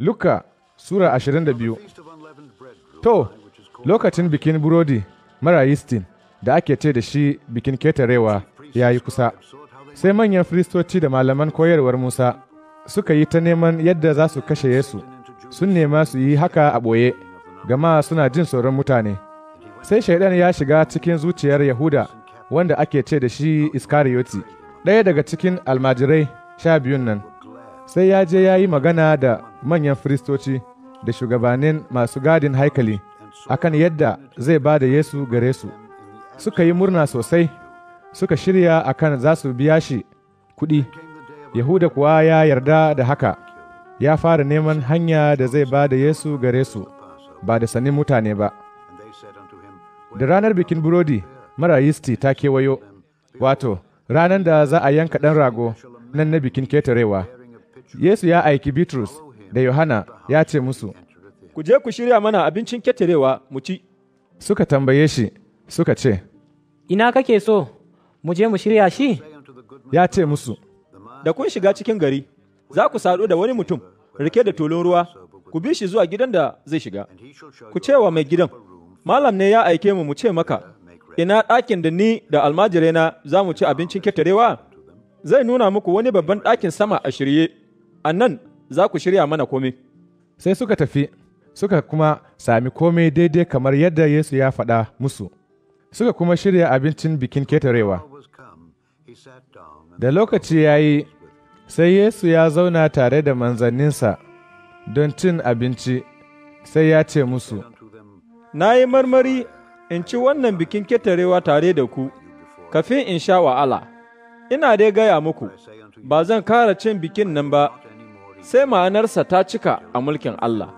Luka Sura 22 To, lokacin bikin burodi mara yistin da ake ce da shi bikin ketarewa ya yi kusa, sai manyan firistoci da malaman koyarwar Musa suka yi ta neman yadda za su kashe Yesu, sun nema su yi haka a ɓoye, gama suna jin tsoron mutane. Sai shaidan ya shiga cikin zuciyar Yahuda wanda ake ce da shi Iskariyoti, ɗaya daga cikin almajirai sha biyun nan, sai ya je ya yi magana da manyan firistoci da shugabannin masu gadin haikali akan yadda zai ba da Yesu gare su. Suka yi murna sosai, suka shirya akan za su biya shi kuɗi. Yahuda kuwa ya yarda da haka, ya fara neman hanya da zai ba da Yesu gare su, ba da sanin mutane ba. Da ranar bikin burodi mara yisti ta kewayo, wato, ranar da za a yanka ɗan rago nan na bikin ketarewa. Yesu ya aiki Bitrus da Yohana ya ce musu, Ku je ku shirya mana abincin ketarewa mu ci. Suka tambaye shi, suka ce, Ina kake so, mu je mu shirya shi? Ya ce musu, Da kun shiga cikin gari, za ku sadu da wani mutum, rike da tulun ruwa, ku bi shi zuwa gidan da zai shiga. Ku ce wa mai gidan, Malam ne ya aike mu mu ce maka, ina ɗakin da ni da almajirena za mu ci abincin ketarewa? Zai nuna muku wani babban ɗakin sama a shirye, a nan za ku shirya mana kome. Sai suka tafi, suka kuma sami kome daidai kamar yadda Yesu ya faɗa musu. Suka kuma shirya abincin bikin ketarewa. Da lokaci ya yi, sai Yesu ya zauna tare da manzanninsa don cin abinci, sai ya ce musu, Na yi marmari in ci wannan bikin ketarewa tare da ku, kafin in sha wa'ala, ina dai gaya muku, ba zan kara cin bikin nan ba sai ma'anarsa ta cika a mulkin Allah.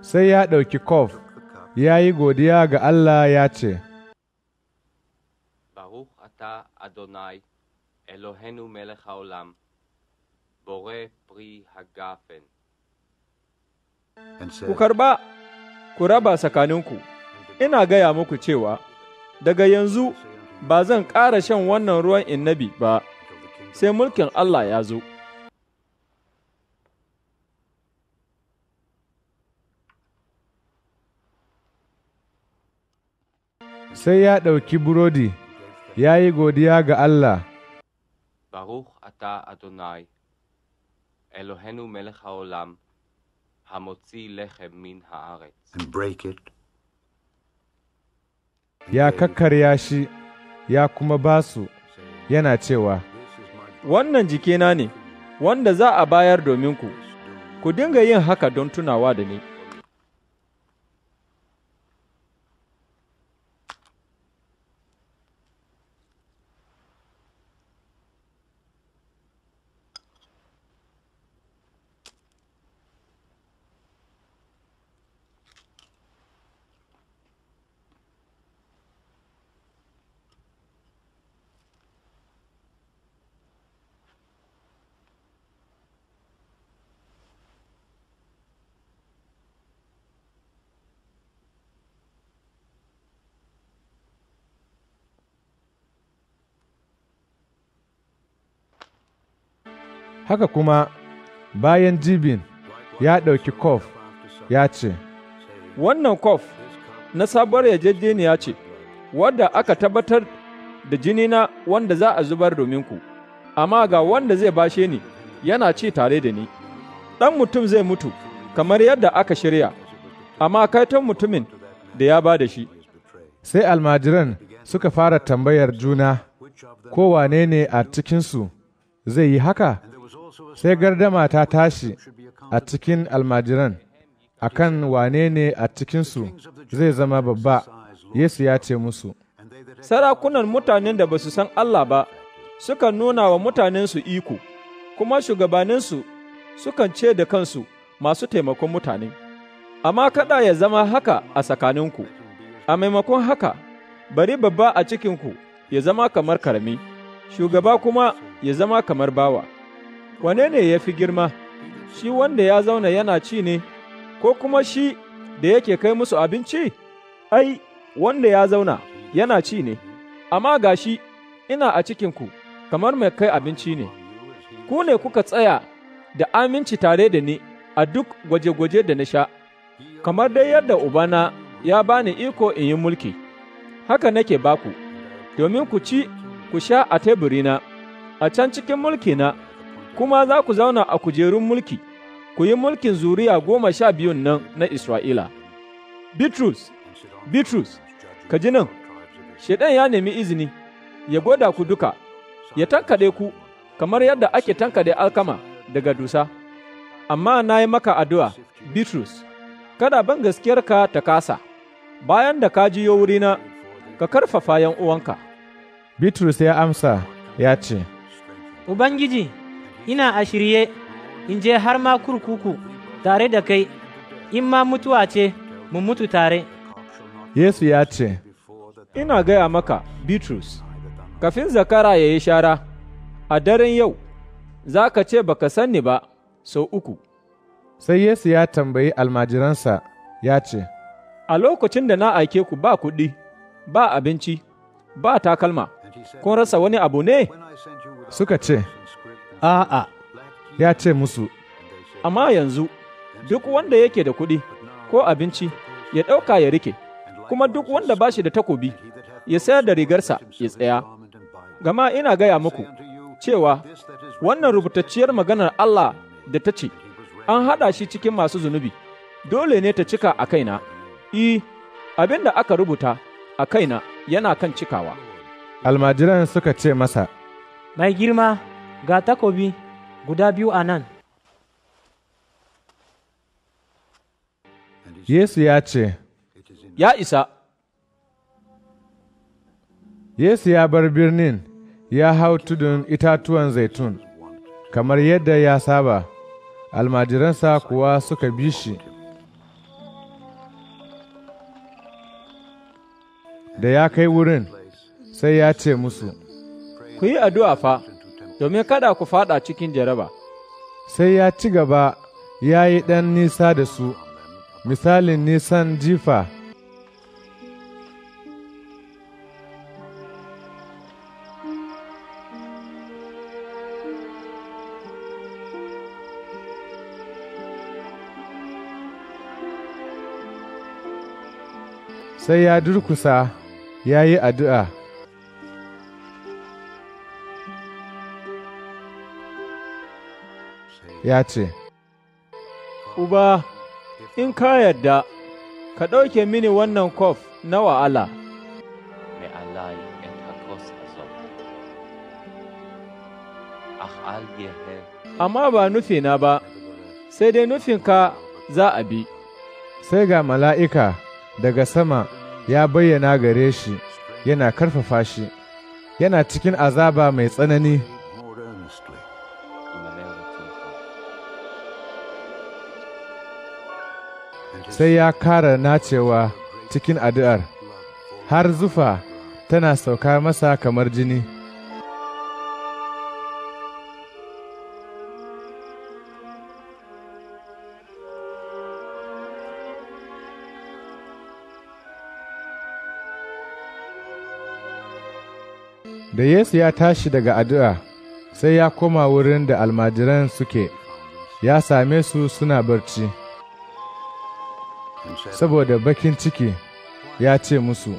Sai ya ɗauki kof, ya yi godiya ga Allah ya ce, Adonai, Elohenu Ku karba, ku raba tsakaninku, ina gaya muku cewa, daga yanzu ba zan ƙara shan wannan ruwan inabi ba, sai mulkin Allah ya zo. Sai ya ɗauki burodi, ya yi godiya ga Allah. Baruch ata Adonai, Elohenu melech haolam, hamotzi lechem min haaretz. And break it. Ya kakkarya shi. ya kuma ba su yana cewa, Wannan jikina ne, wanda za a bayar domin ku, ku dinga yin haka don tunawa da ni. Haka kuma bayan jibin ya ɗauki kof ya ce, Wannan kof na sabuwar yarjejeniya ce, wadda aka tabbatar da jinina wanda za a zubar ku. amma ga wanda zai bashe ni yana ci tare da ni. Ɗan mutum zai mutu kamar yadda aka shirya, amma kaiton mutumin da ya ba da shi. Sai almajiran suka fara tambayar juna, ko wane ne a cikinsu zai yi haka? sai gardama ta tashi a cikin almajiran a kan wane ne a cikinsu zai zama babba yesu ya ce musu sarakunan mutanen da ba su san allah ba sukan nuna wa mutanensu iko kuma shugabaninsu sukan ce da kansu masu taimakon mutane amma kada ya zama haka a tsakaninku a maimakon haka bari babba a cikinku ya zama kamar karami shugaba kuma ya zama kamar bawa wane ne ya fi girma, shi wanda ya zauna yana ci ne, ko kuma shi da yake kai musu abinci? Ai, wanda ya zauna yana ci ne, amma ga shi ina a cikinku kamar mai kai abinci ne, ku ne kuka tsaya da aminci tare da ni a duk gwaje-gwaje da na sha, kamar dai yadda Ubana ya bani iko in yi mulki, haka nake baku, domin ku ci ku sha a teburina, a can cikin mulkina. kuma za ku zauna a kujerun mulki, ku yi mulkin zuriya goma sha biyun nan na Isra'ila. Bitrus, Bitrus, ka ji nan, Shaiɗan ya nemi izini, ya goda ku duka, ya tankaɗe ku kamar yadda ake tankaɗe alkama daga dusa. Amma na yi maka addu'a, Bitrus, kada ban gaskiyarka ta kasa, bayan da ka jiyo wurina, ka karfafa uwanka. Bitrus ya amsa, ya ce, Ubangiji, ina a shirye in je har ma kurkuku tare da kai, in ma mutuwa ce mu mutu tare. Yesu ya ce, Ina gaya maka, Bitrus, kafin zakara ya yi shara, a daren yau, za ka ce baka sani ba sau uku. Sai Yesu ya tambayi almajiransa ya ce, A lokacin da na aike ku ba kuɗi, ba abinci, ba takalma, kun rasa wani abu ne? Suka ce, A'a, ya ce musu, Amma yanzu, duk wanda yake da kuɗi ko abinci, ya ɗauka ya rike, kuma duk wanda ba shi da takobi, ya sayar da rigarsa ya tsaya. Gama ina gaya muku, cewa wannan rubutacciyar maganar Allah da ta ce, An haɗa shi cikin masu zunubi, dole ne ta cika a kaina, I, e, abin da aka rubuta a kaina yana kan cikawa. Almajiran suka ce masa, Mai girma, ga takobi guda biyu a nan. Yesu ya ce, Ya isa. Yesu ya bar birnin ya hau tudun itatuwan zaitun, kamar yadda ya saba, almajiransa kuwa suka bi shi. Da ya kai wurin, sai ya ce musu, Ku yi addu'a fa. domin kada ku fada cikin jaraba. Sai ya ci gaba ya yi ɗan nisa da su, misalin nisan jifa. Sai ya durkusa ya yi addu'a. ya ce, Uba, in ka yarda, ka ɗauke mini wannan kof na wa'ala. Amma ba nufina ba, sai dai nufinka za a bi. Sai ga mala'ika daga sama ya bayyana gare shi, yana karfafa shi, yana cikin azaba mai tsanani. sai ya kara nacewa cikin addu'ar, har zufa tana sauka masa kamar jini. Da Yesu ya tashi daga addu'a, sai ya koma wurin da almajiran suke, ya same su suna barci. saboda bakin ciki ya ce musu,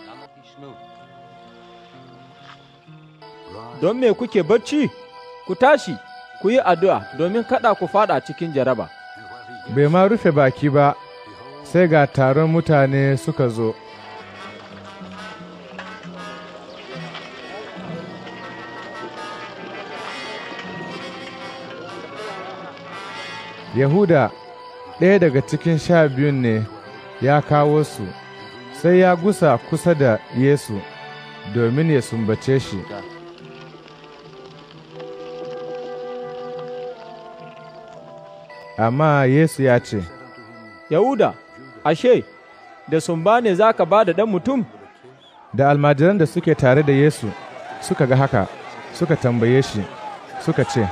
Don me kuke barci? Ku tashi, ku yi addu'a domin kada ku fada cikin jaraba. Bai ma rufe baki ba, sai ga taron mutane suka zo. Yahuda ɗaya daga cikin sha biyun ne ya kawo su, sai ya gusa kusa da Yesu domin ya sumbace shi. Amma Yesu ya ce, Yahuda, ashe, da sumba ne za ka ba da ɗan mutum? Da almajiran da suke tare da Yesu suka ga haka, suka tambaye shi, suka ce,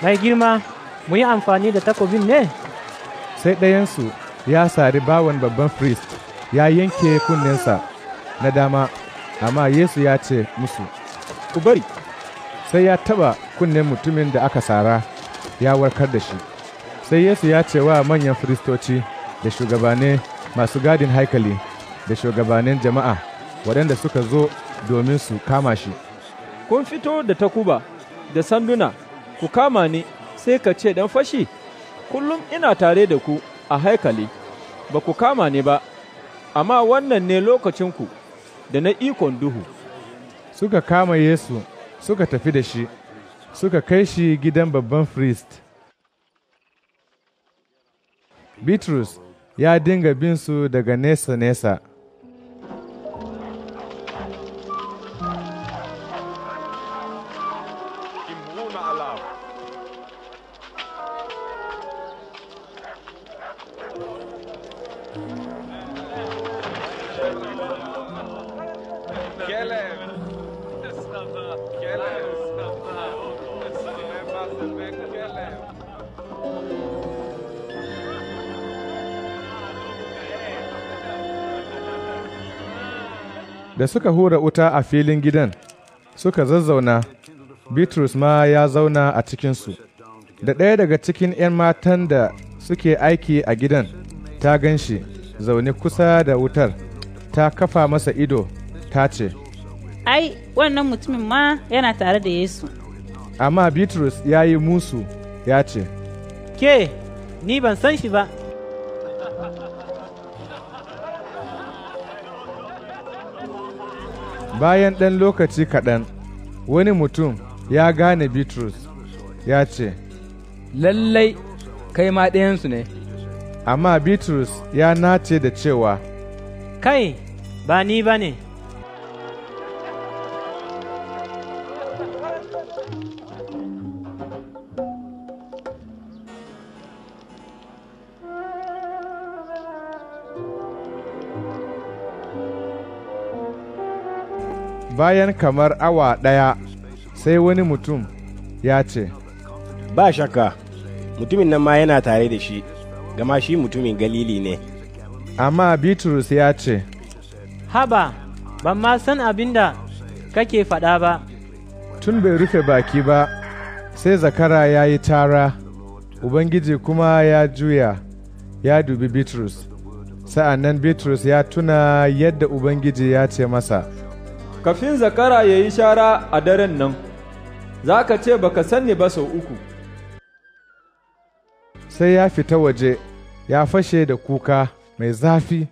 Mai girma, muyi amfani da takobin ne? Sai ɗayansu ya sari bawan babban firist ya yanke kunninsa na dama, amma Yesu ya ce musu, Ku bari, sai ya taba kunnen mutumin da aka sara ya warkar da shi. Sai Yesu ya ce wa manyan firistoci da shugabane masu gadin haikali da shugabanin jama'a waɗanda suka zo domin su kama shi. Kun fito da takuba da sanduna, ku kama ni sai ka ce dan fashi, kullum ina tare da ku. a haikali, ba ku kama ne ba, amma wannan ne lokacinku da na ikon duhu. Suka kama Yesu, suka tafi da shi, suka kai shi gidan babban firist. Bitrus ya dinga bin su daga nesa-nesa. suka hura wuta a filin gidan suka zazzauna, Bitrus ma ya zauna a cikinsu. Da ɗaya daga cikin ‘yan matan da suke aiki a gidan ta gan shi zaune kusa da wutar, ta kafa masa ido, ta ce, Ai, wannan mutumin ma yana tare da Yesu. Amma Bitrus ya yi musu, ya ce, Ke, ni ban san shi ba. Bayan ɗan lokaci kaɗan, wani mutum ya gane Bitrus ya ce, Lallai kai ma ɗayansu ne. Amma Bitrus ya nace da cewa, Kai, ba ni ba ne. bayan kamar awa ɗaya sai wani mutum ya ce, Ba shakka, mutumin nan ma yana tare da shi, gama shi mutumin galili ne. Amma Bitrus ya ce, Haba, ban ma san abin da kake faɗa ba. Tun bai rufe baki ba, sai zakara ya yi tara, Ubangiji kuma ya juya, ya dubi Bitrus. Sa'an nan Bitrus ya tuna yadda Ubangiji ya ce masa, kafin zakara ya yi shara a daren nan, za ka ce ba ka sani ba sau uku. Sai ya fita waje, ya fashe da kuka mai zafi.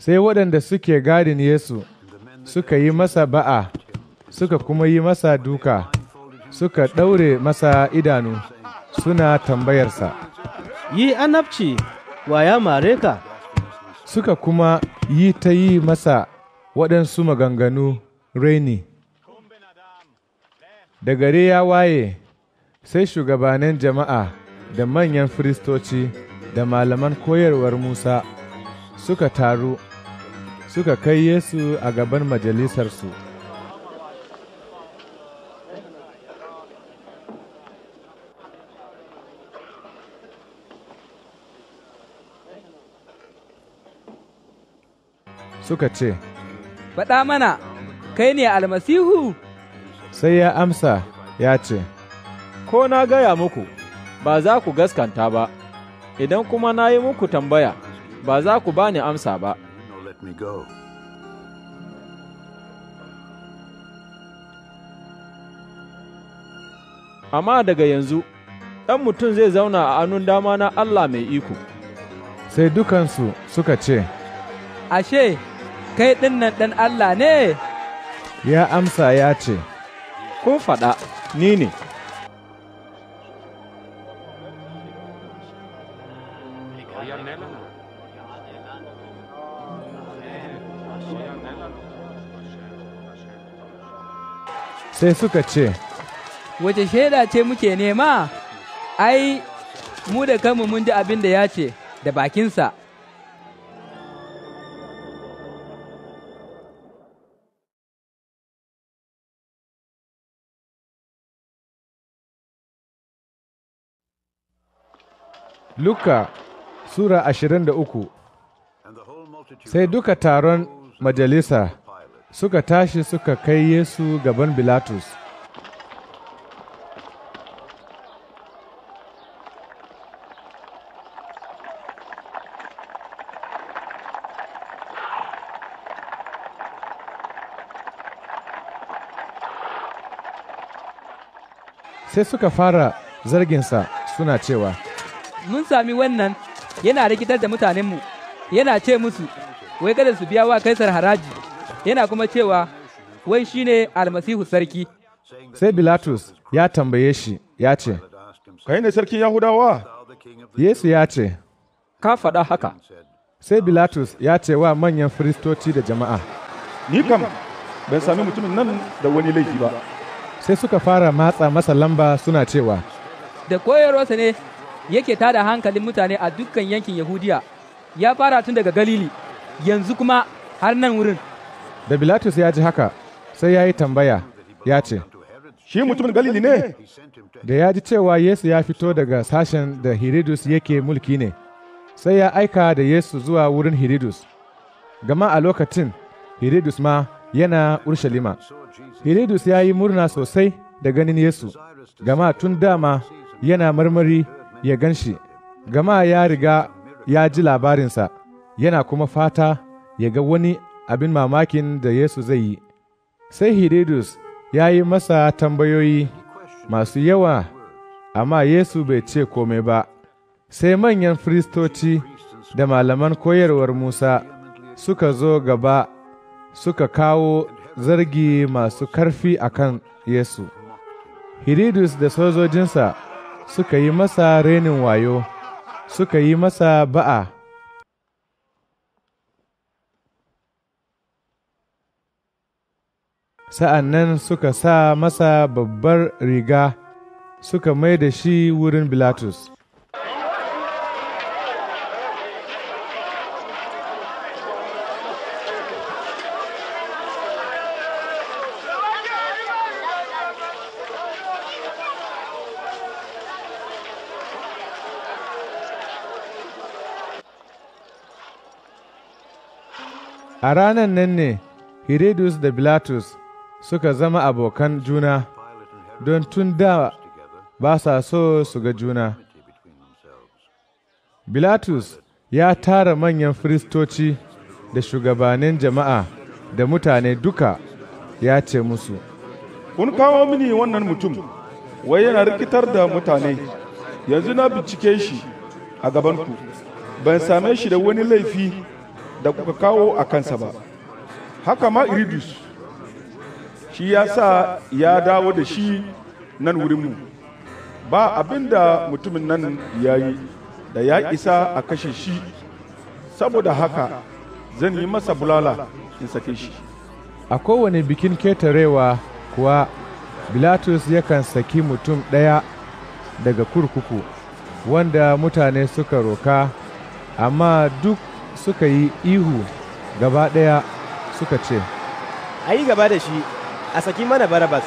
sai waɗanda suke gadin Yesu suka yi masa ba'a, suka kuma yi masa duka, suka ɗaure masa idanu, suna tambayarsa. Yi anabci wa ya mare ka? Suka kuma yi ta yi masa waɗansu maganganu raini. Da gare ya waye, sai shugabanin jama'a da manyan firistoci da malaman koyarwar Musa suka taru suka kai Yesu a gaban majalisarsu. Suka ce, Faɗa mana, kai ne almasihu? Sai ya amsa ya ce, Ko na gaya muku, ba za ku gaskanta ba, idan kuma na yi muku tambaya, ba za ku ba amsa ba. me go. Amma daga yanzu, ɗan mutum zai zauna a hannun dama na Allah mai iko. Sai dukansu suka ce, Ashe, kai ɗinnan ɗan Allah ne? Ya amsa ya ce, Kun faɗa, ni ne. sai suka ce, Wace shaida ce muke nema, ai, mu da kanmu mun ji abin da ya ce da bakinsa. Luka Sura ashirin da uku Sai duka taron majalisa suka tashi suka kai Yesu gaban Bilatus. Sai suka fara zarginsa suna cewa, Mun sami wannan yana rikitar da mutanenmu, yana ce musu, wai kada su biya wa Kaisar haraji. yana kuma cewa wai shi ne almasihu sarki. Sai Bilatus ya tambaye shi ya ce, Kai ne sarkin Yahudawa? Yesu ya ce, Ka faɗa haka. Sai Bilatus ya ce wa manyan firistoci da jama'a, Ni kam, ban sami mutumin nan da wani laifi ba. Sai suka fara matsa masa lamba suna cewa, Da koyarwarsa ne yake tada hankalin mutane a dukkan yankin Yahudiya, ya fara tun daga Galili, yanzu kuma har nan wurin. Da Bilatus ya ji haka, sai ya yi tambaya, ya ce, Shi mutumin Galili ne? Da ya ji cewa Yesu ya fito daga sashen da Hiridus yake mulki ne, sai ya aika da Yesu zuwa wurin Hiridus. Gama a lokacin, Hiridus ma yana Urshalima. Hiridus ya yi murna sosai da ganin Yesu, gama tun dama yana marmari ya gan shi, gama ya riga ya ji labarinsa, yana kuma fata ya ga wani abin mamakin da Yesu zai yi. Sai Hiridus ya yi masa tambayoyi masu yawa, amma Yesu bai ce kome ba, sai manyan firistoci da malaman koyarwar Musa suka zo gaba suka kawo zargi masu karfi a kan Yesu. Hiridus da sojojinsa suka yi masa renin wayo, suka yi masa ba'a. sa'an nan suka sa masa babbar riga suka mai da shi wurin Bilatus. A ranar nan ne, Herodus da Bilatus suka zama abokan juna don tun da ba sa so su ga juna. Bilatus ya tara manyan firistoci da shugabannin jama'a da mutane duka ya ce musu, Kun kawo mini wannan mutum, wai yana rikitar da mutane, yanzu na bincike shi a gabanku, ban same shi da wani laifi da kuka kawo a kansa ba. Haka ma Iridus. shi ya sa ya dawo da shi nan wurinmu ba abin da mutumin nan ya yi da ya isa a kashe shi saboda haka zan yi masa bulala in sake shi a kowane bikin ketarewa kuwa bilatus yakan saki mutum ɗaya daga kurkuku wanda mutane suka roka amma duk suka yi ihu gaba ɗaya suka ce a yi gaba da shi a saki mana barabas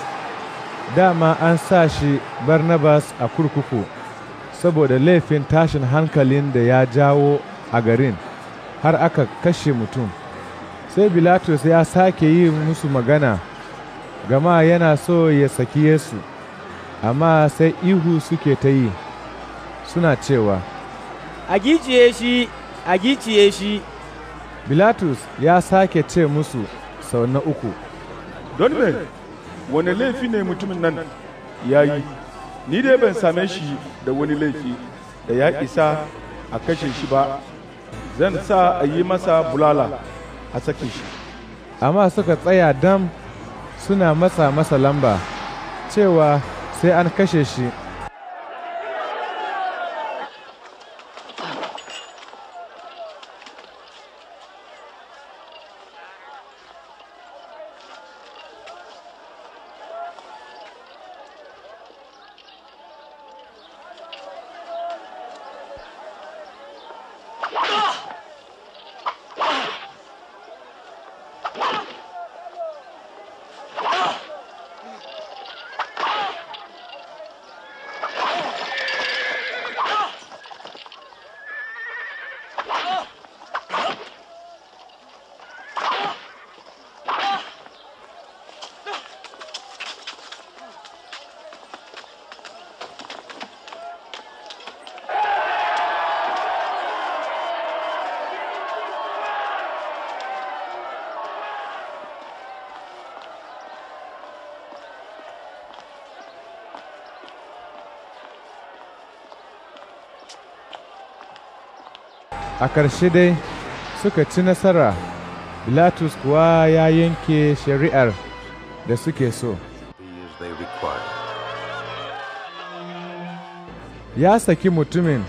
dama an sa shi barnabas a kurkuku saboda laifin tashin hankalin da ya jawo a garin har aka kashe mutum sai bilatus ya sake yi musu magana gama yana so ya saki yesu amma sai ihu suke ta yi suna cewa a giciye shi a giciye shi bilatus ya sake ce musu sau na uku don me wani laifi ne mutumin nan ya yi ni dai ban same shi da wani laifi da ya isa a kashe shi ba zan sa a yi masa bulala a sake shi amma suka tsaya dam suna masa masa lamba cewa sai an kashe shi a ƙarshe dai suka ci nasara Bilatus kuwa ya yanke shari'ar da suke so ya saki mutumin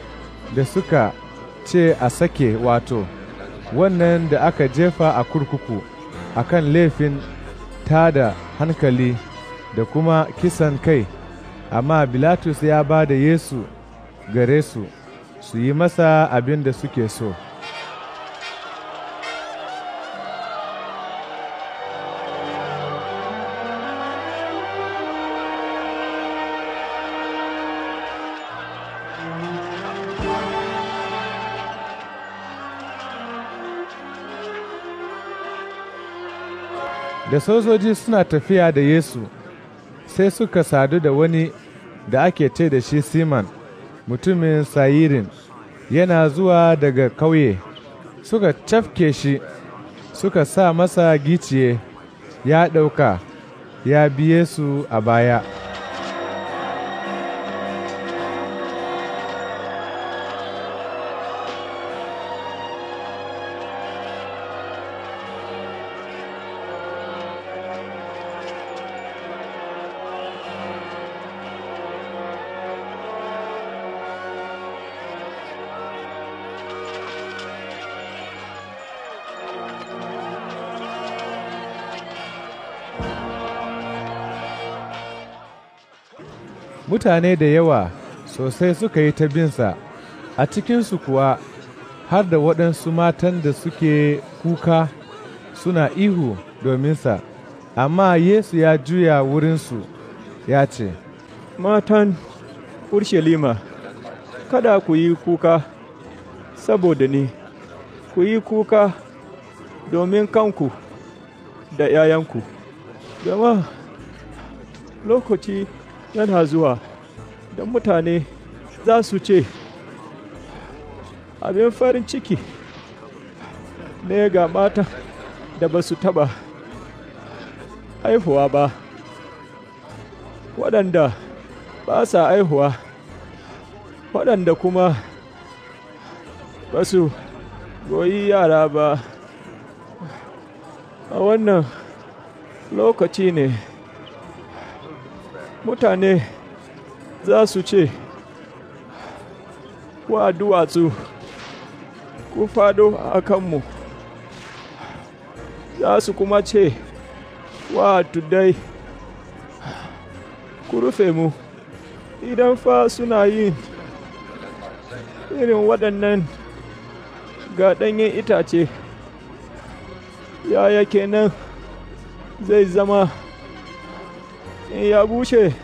da suka ce a sake wato wannan da aka jefa a kurkuku a kan laifin tada hankali da kuma kisan kai amma Bilatus ya ba da Yesu gare su su yi masa abin da suke so. da sojoji suna tafiya da Yesu sai suka sadu da wani da ake ce da shi Siman. mutumin sayirin yana zuwa daga kauye suka cafke shi suka sa masa giciye ya ɗauka ya biye su a baya. mutane da yawa sosai suka yi ta binsa, a cikinsu kuwa har da waɗansu matan da suke kuka suna ihu dominsa, amma Yesu ya juya wurinsu ya ce, Matan Urshelima, kada ku yi kuka saboda ni, ku yi kuka domin kanku da ’ya'yanku, gama lokaci yana zuwa don mutane za su ce abin farin ciki ne ga mata da ba su taɓa haihuwa ba waɗanda ba sa haihuwa waɗanda kuma ba su goyi yara ba a wannan lokaci ne mutane za su ce wa duwatsu ku fado a kanmu za su kuma ce wa tuddai ku rufe mu idan fa suna yin irin waɗannan ga ɗanyen itace ya yake nan zai zama in ya bushe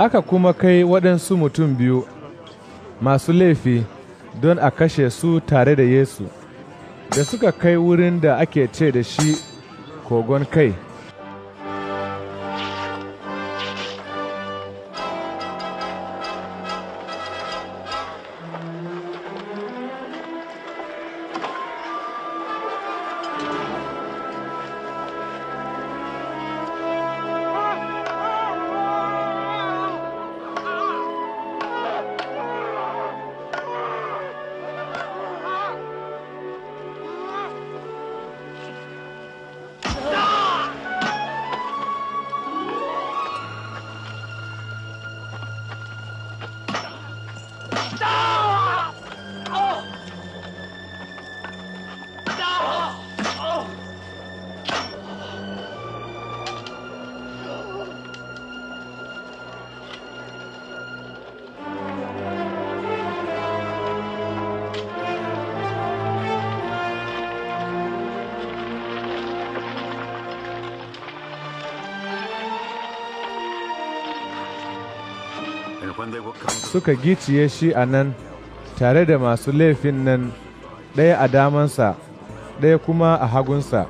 aka kuma kai waɗansu mutum biyu masu laifi don a kashe su tare da Yesu, da suka kai wurin da ake ce da shi kogon kai. suka giciye shi a nan tare da masu laifin nan ɗaya a damansa ɗaya kuma a hagunsa.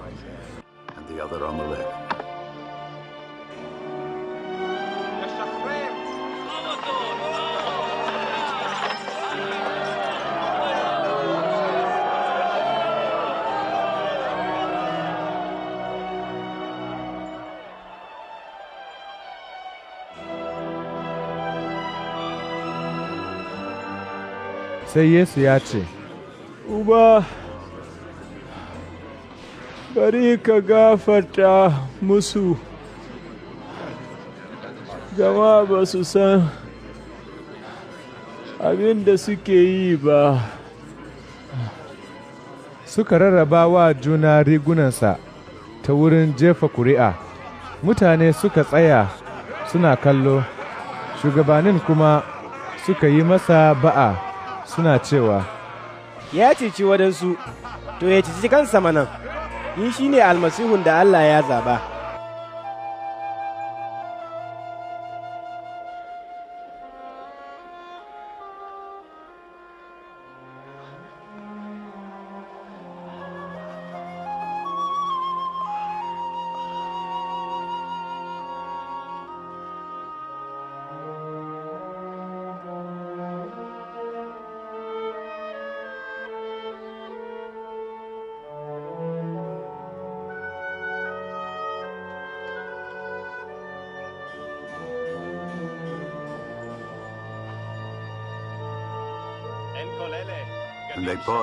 sai Yesu ya ce, Uba, bari ka gafarta musu, gama ba su san abin da suke yi ba. Suka rarraba wa juna rigunansa ta wurin jefa kuri'a, mutane suka tsaya suna kallo, shugabannin kuma suka yi masa ba'a. suna cewa, Ya cici wadansu to ya cici kansa manan, in shi ne almasihun da Allah ya zaba.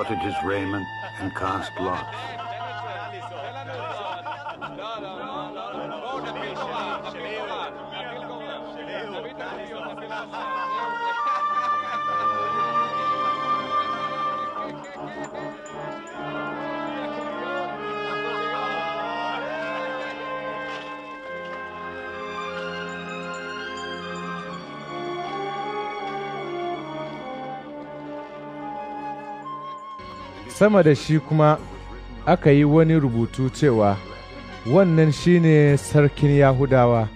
parted his raiment and cast lots. sama da shi kuma aka yi wani rubutu cewa wannan shine sarkin Yahudawa.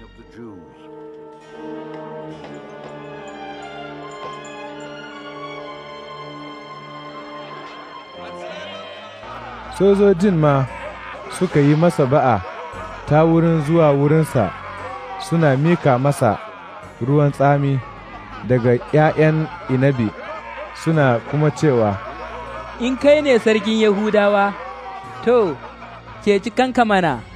Sojojin ma suka yi masa ba'a ta wurin zuwa wurinsa suna mika masa ruwan tsami daga ‘ya'yan inabi suna kuma cewa, in kai ne sarkin Yahudawa, to, ke kanka mana.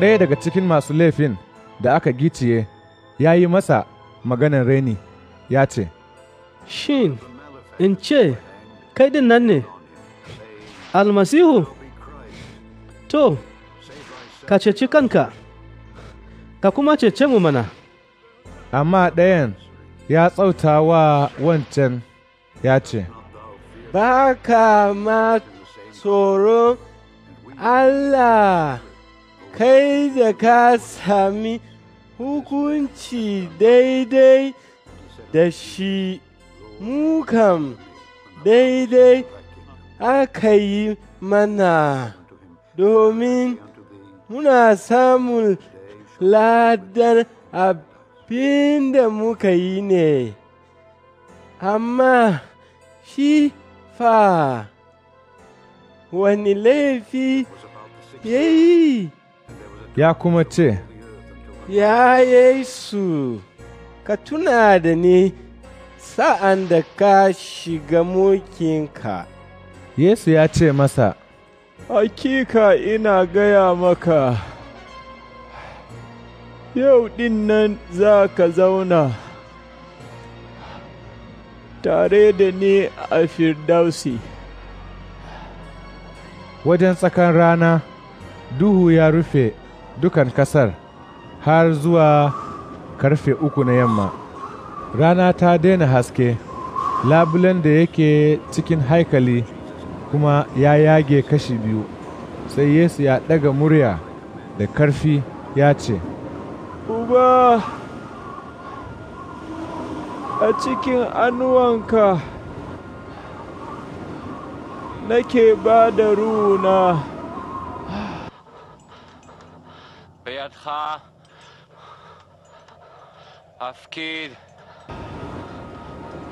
ɗaya daga cikin masu laifin da aka giciye ya yi masa maganar raini ya ce, Shin, in ce, kai din nan ne, almasihu, to, ka ceci kanka, ka kuma cece mu mana. Amma ɗayan ya tsauta wa wancan ya ce, Ba ka ma tsoron Allah. kai da ka sami hukunci daidai da shi mukam daidai aka yi mana domin muna samun ladar abin da muka yi ne amma shi fa wani laifi ya yi ya kuma ce, Ya Yesu, ka tuna da ni sa'an da ka shiga mulkinka. Yesu ya ce masa, Hakika ina gaya maka, yau ɗin nan za ka zauna tare da ni a Firdausi. Wajen tsakan rana, duhu ya rufe dukan kasar har zuwa karfe uku na yamma. Rana ta daina haske, labulen da yake cikin haikali kuma ya yage kashi biyu, sai Yesu ya ɗaga murya da karfi ya ce, Uba, a cikin anuwanka nake ba da ruhuna. בידך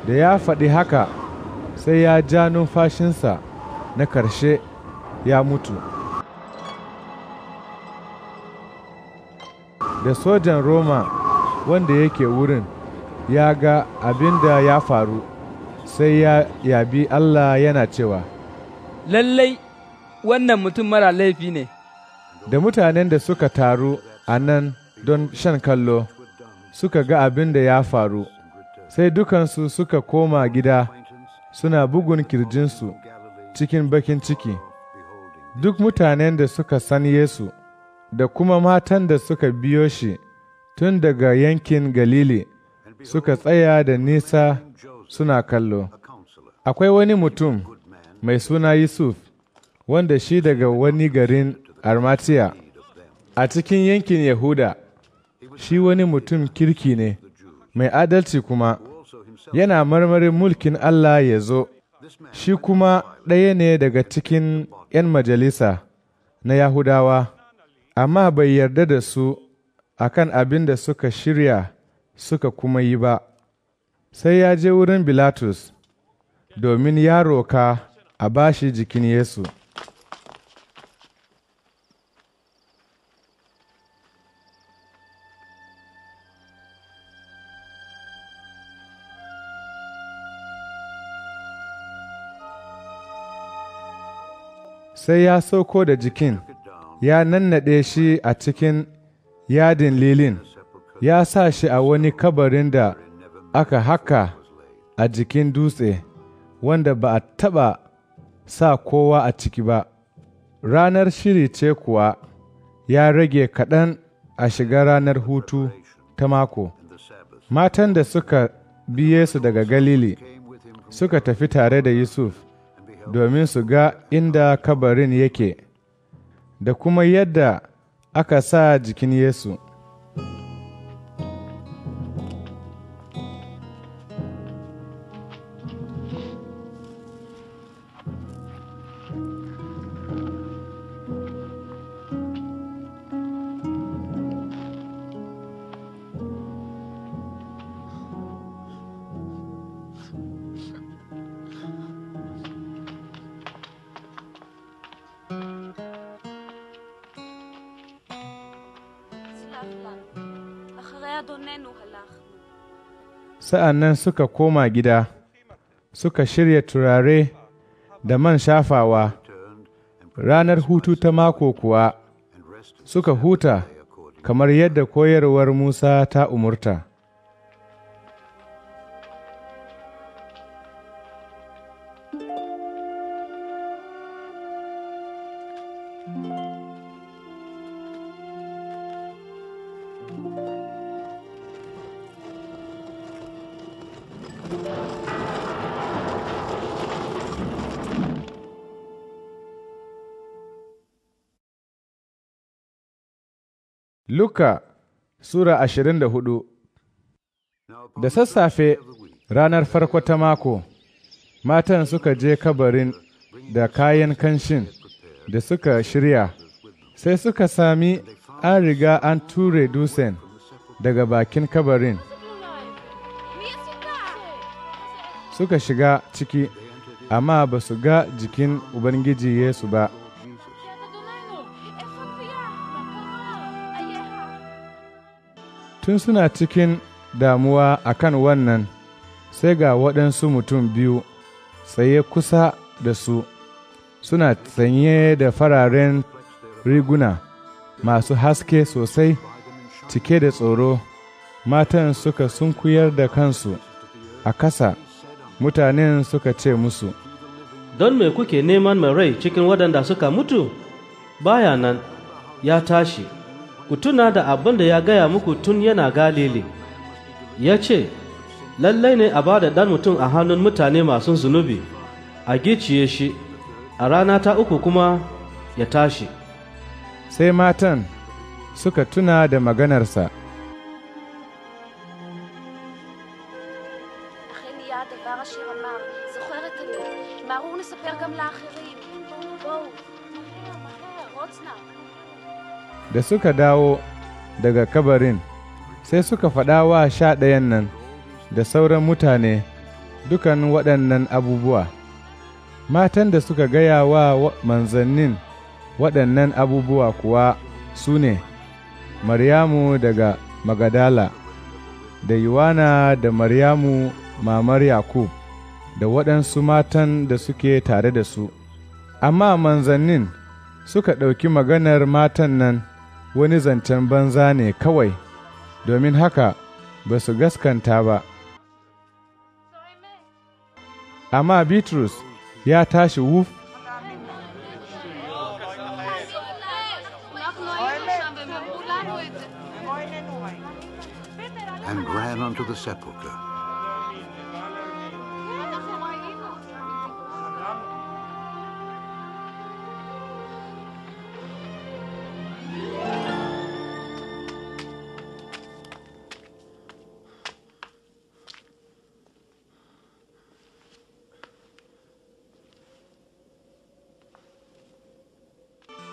da ya faɗi haka sai ya ja numfashinsa na ƙarshe ya mutu da sojan roma wanda yake wurin ya ga abin da ya faru sai ya yabi allah yana cewa lallai wannan mutum mara laifi ne da mutanen da suka taru a nan don shan kallo suka ga abin da ya faru, sai dukansu suka koma gida suna bugun kirjinsu cikin bakin ciki. Duk mutanen da suka san Yesu da kuma matan da suka biyo shi tun daga yankin Galili suka tsaya da nisa suna kallo. Akwai wani mutum mai suna Yusuf wanda shi daga wani garin Armatiya A cikin yankin Yahuda, shi wani mutum kirki ne, mai adalci kuma, yana marmarin mulkin Allah ya zo, shi kuma ɗaya ne daga cikin ‘yan majalisa na Yahudawa, amma bai yarda da su a kan abin da suka shirya suka kuma yi ba, sai ya je wurin Bilatus domin ya roka a bashi jikin Yesu. sai ya sauko da jikin, ya nannade shi a cikin yadin lilin, ya sa shi a wani kabarin da aka haka a jikin dutse, wanda ba a taɓa sa kowa a ciki ba. Ranar shiri ce kuwa ya rage kaɗan a shiga ranar hutu ta mako. Matan da suka biye su daga Galili suka tafi tare da Yusuf domin su ga inda kabarin yake da kuma yadda aka sa jikin Yesu. אדוננו Sa'an suka koma gida, suka shirya turare da man shafawa, ranar hutu ta mako kuwa suka huta kamar yadda koyarwar Musa ta umurta. Luka Sura ashirin da hudu Da sassafe ranar farko ta mako, matan suka je kabarin da kayan kanshin da suka shirya, sai suka sami an riga an ture dusen daga bakin kabarin. Suka shiga ciki, amma ba su ga jikin Ubangiji Yesu ba. Tun suna cikin damuwa a kan wannan, sai ga waɗansu mutum biyu tsaye kusa da su, suna sanye da fararen riguna masu haske sosai cike da tsoro, matan suka sunkuyar da kansu a kasa, mutanen suka ce musu, Don me kuke neman mai rai cikin waɗanda suka mutu? bayanan ya tashi. ku tuna da abin da ya gaya muku tun yana galili ya ce lallai ne a ba da ɗan mutum a hannun mutane masu zunubi a giciye shi a rana ta uku kuma ya tashi sai matan suka tuna da maganarsa da suka dawo daga kabarin sai suka faɗa wa sha ɗayan nan da sauran mutane dukan waɗannan abubuwa matan da suka gaya wa manzannin waɗannan abubuwa kuwa su ne maryamu daga magadala da yuwana da maryamu mamar yakub da waɗansu matan da suke tare da su amma manzannin suka ɗauki maganar matan nan wani zancen banza ne kawai, domin haka ba su gaskanta ba. Amma Bitrus ya tashi wuf and ran unto the sepulchre.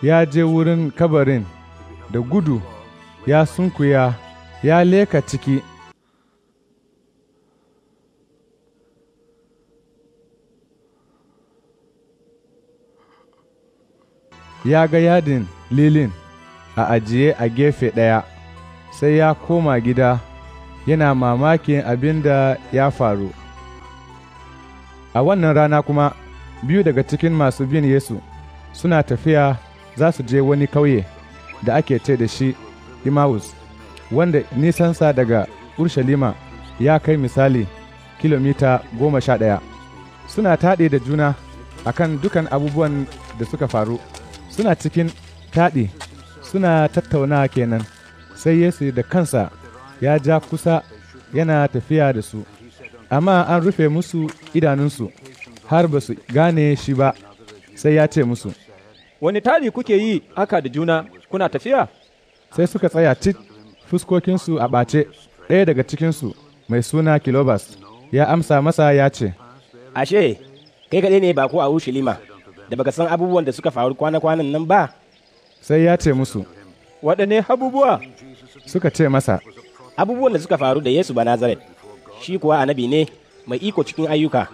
ya je wurin kabarin da gudu ya sunkuya ya leka ciki ya ga yadin lilin a ajiye a gefe ɗaya sai ya koma gida yana mamakin abin da ya faru a wannan rana kuma biyu daga cikin masu bin yesu suna tafiya za su je wani kauye da ake ce da shi Imawus, wanda nisansa daga Urshalima ya kai misali kilomita goma sha ɗaya. Suna taɗe da juna a kan dukan abubuwan da suka faru, suna cikin taɗi, suna tattauna kenan, sai Yesu da kansa ya ja kusa yana tafiya da su, amma an rufe musu idanunsu har ba su gane shi ba, sai ya ce musu, wani tari kuke yi haka da juna kuna tafiya? Sai suka tsaya cik fuskokinsu a ɓace, ɗaya daga cikinsu mai suna Kilobas ya amsa masa ya ce, Ashe, kai kaɗai ne ba ko a Ushilima, da baka san abubuwan da suka faru kwana-kwanan nan ba? Sai ya ce musu, Waɗanne abubuwa? Suka ce masa, Abubuwan da suka faru da Yesu ba Nazaret, shi kuwa annabi ne mai iko cikin ayyuka,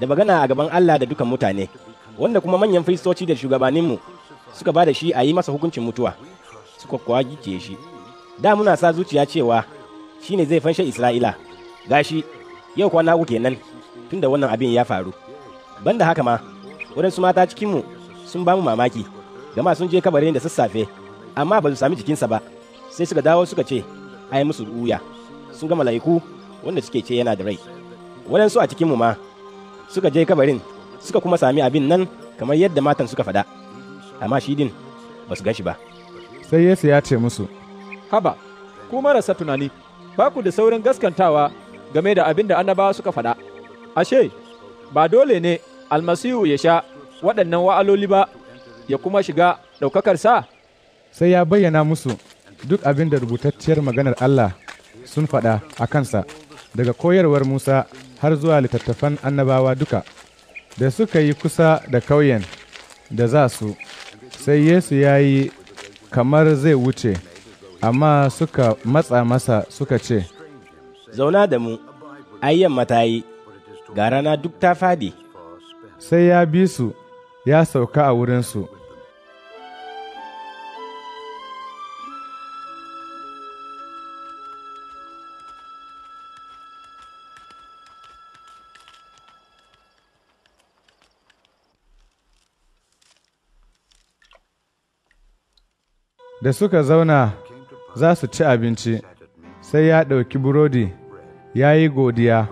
da magana a gaban Allah da dukan mutane. wanda kuma manyan firistoci da shugabanninmu suka ba da shi a yi masa hukuncin mutuwa suka kuwa gike shi da muna sa zuciya cewa shi ne zai fanshe isra'ila gashi yau kwana uku kenan tunda wannan abin ya faru banda haka ma waɗansu mata cikinmu sun ba mu mamaki gama sun je kabarin da sassafe amma ba su sami jikinsa ba sai suka dawo suka ce a yi musu ruya sun ga mala'iku wanda suke ce yana da rai waɗansu a cikinmu ma suka je kabarin suka kuma sami abin nan kamar yadda matan suka faɗa amma shi din ba su gan shi ba sai yesu ya ce musu haba ku marasa tunani ba ku da saurin gaskantawa game da abin da annabawa suka faɗa ashe ba dole ne almasihu ya sha waɗannan wa'aloli ba ya kuma shiga ɗaukakar sa sai ya bayyana musu duk abin da rubutacciyar maganar Allah sun faɗa a kansa daga koyarwar Musa har zuwa littattafan annabawa duka. da suka yi kusa da ƙauyen da za su, sai Yesu ya yi kamar zai wuce, amma suka matsa masa suka ce, Zauna da mu, ayyan matayi, ga rana duk ta fadi. Sai ya bi su, ya sauka a wurinsu. da suka zauna za su ci abinci, sai ya ɗauki burodi, ya yi godiya.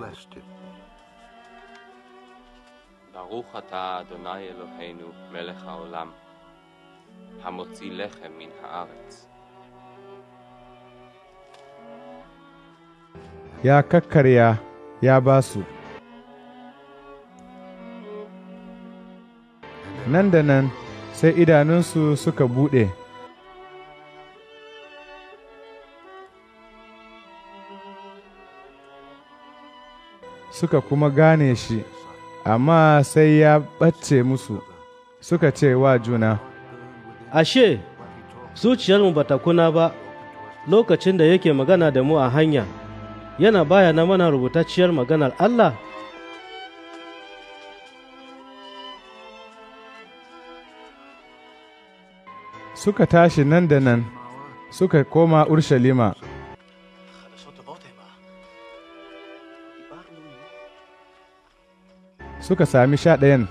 ya kakkarya ya ba su. Nan da nan sai idanunsu suka buɗe. suka kuma gane shi, amma sai ya ɓace musu, suka ce wa juna. Ashe, zuciyarmu ba ta kuna ba lokacin da yake magana da mu a hanya, yana baya na mana rubutacciyar maganar Allah. Suka tashi nan da nan, suka koma Urshalima. suka sami sha ɗayan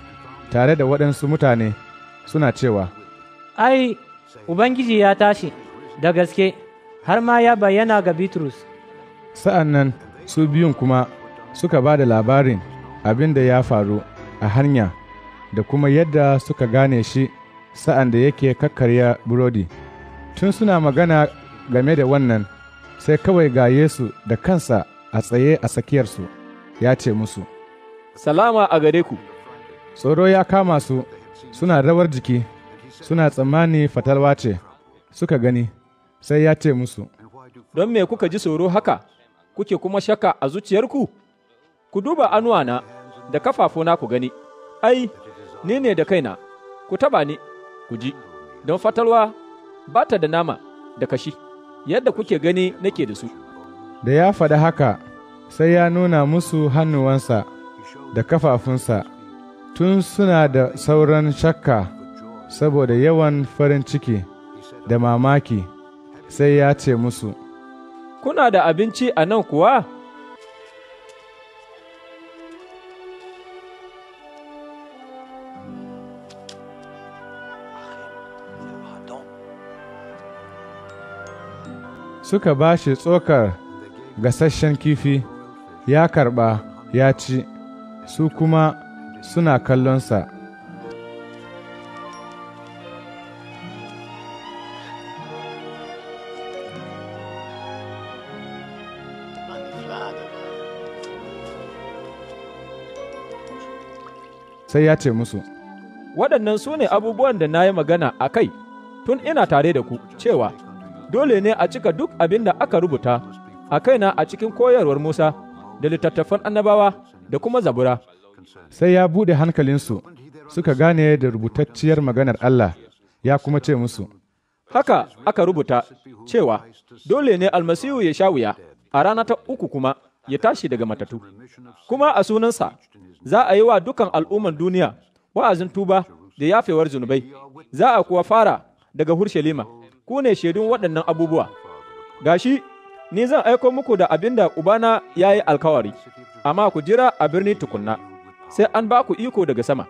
tare da waɗansu mutane suna cewa, Ai, Ubangiji ya tashi da gaske har ma ya bayyana ga Bitrus. Sa'an nan su biyun kuma suka ba da labarin abin da ya faru a hanya da kuma yadda suka gane shi sa'an da yake kakkarya burodi. Tun suna magana game da wannan sai kawai ga Yesu da kansa a tsaye a tsakiyarsu ya ce musu. salama a gare ku. Tsoro ya kama su, suna rawar jiki, suna tsammani fatalwa ce, suka gani, sai ya ce musu. Don me kuka ji tsoro haka, kuke kuma shaka a zuciyarku? Ku duba anuwana da kafafuna ku gani, ai, ni ne da kaina, ku taba ni, ku ji, don fatalwa ba ta da nama da kashi, yadda kuke gani nake da su. Da ya faɗa haka, sai ya nuna musu hannuwansa. da kafafunsa tun suna da sauran shakka saboda yawan farin ciki da mamaki sai ya ce musu, Kuna da abinci a nan kuwa? Suka ba shi tsokar gasasshen kifi, ya karɓa ya ci. su kuma suna kallonsa. Sai ya ce musu, Waɗannan su ne abubuwan da na yi magana a kai tun ina tare da ku cewa, Dole ne a cika duk abin da aka rubuta a kaina a cikin koyarwar Musa da littattafan annabawa da kuma zabura. Sai ya buɗe hankalinsu suka gane da rubutacciyar maganar Allah ya kuma ce musu, Haka aka rubuta cewa dole ne almasihu ya sha wuya a rana ta uku kuma ya tashi daga matatu, kuma a sunansa za a yi wa dukan al'umman duniya wa'azin tuba da yafewar zunubai, za a kuwa fara daga Hurshelima, ku ne shaidun waɗannan abubuwa. Gashi, ni zan aiko muku da abin da Ubana ya yi alkawari, amma ku jira a birni tukunna, sai an ba ku iko daga sama.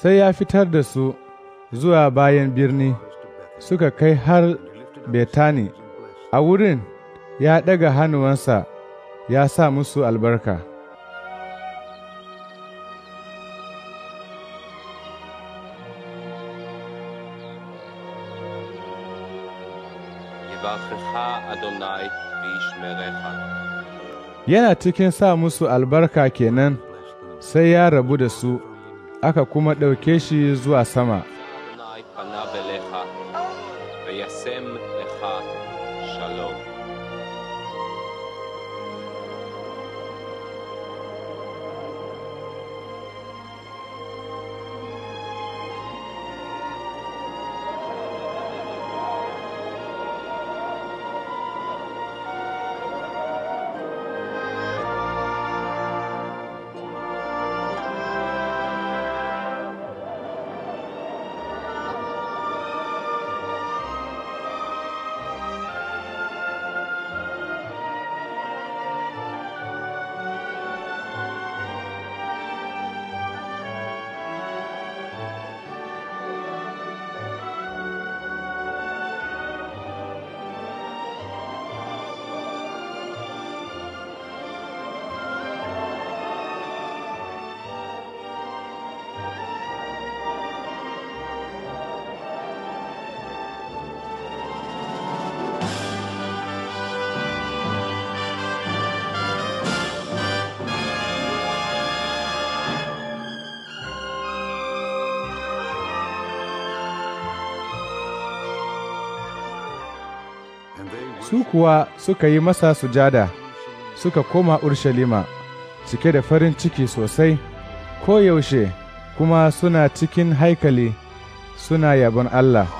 sai ya fitar da su zuwa bayan birni suka kai har Betani A wurin ya ɗaga hannuwansa ya sa musu albarka. Yana cikin sa musu albarka kenan sai ya rabu da su, aka kuma ɗauke shi zuwa sama. su kuwa suka yi masa sujada suka koma Urshalima cike da farin ciki sosai, ko yaushe kuma suna cikin haikali suna yabon Allah.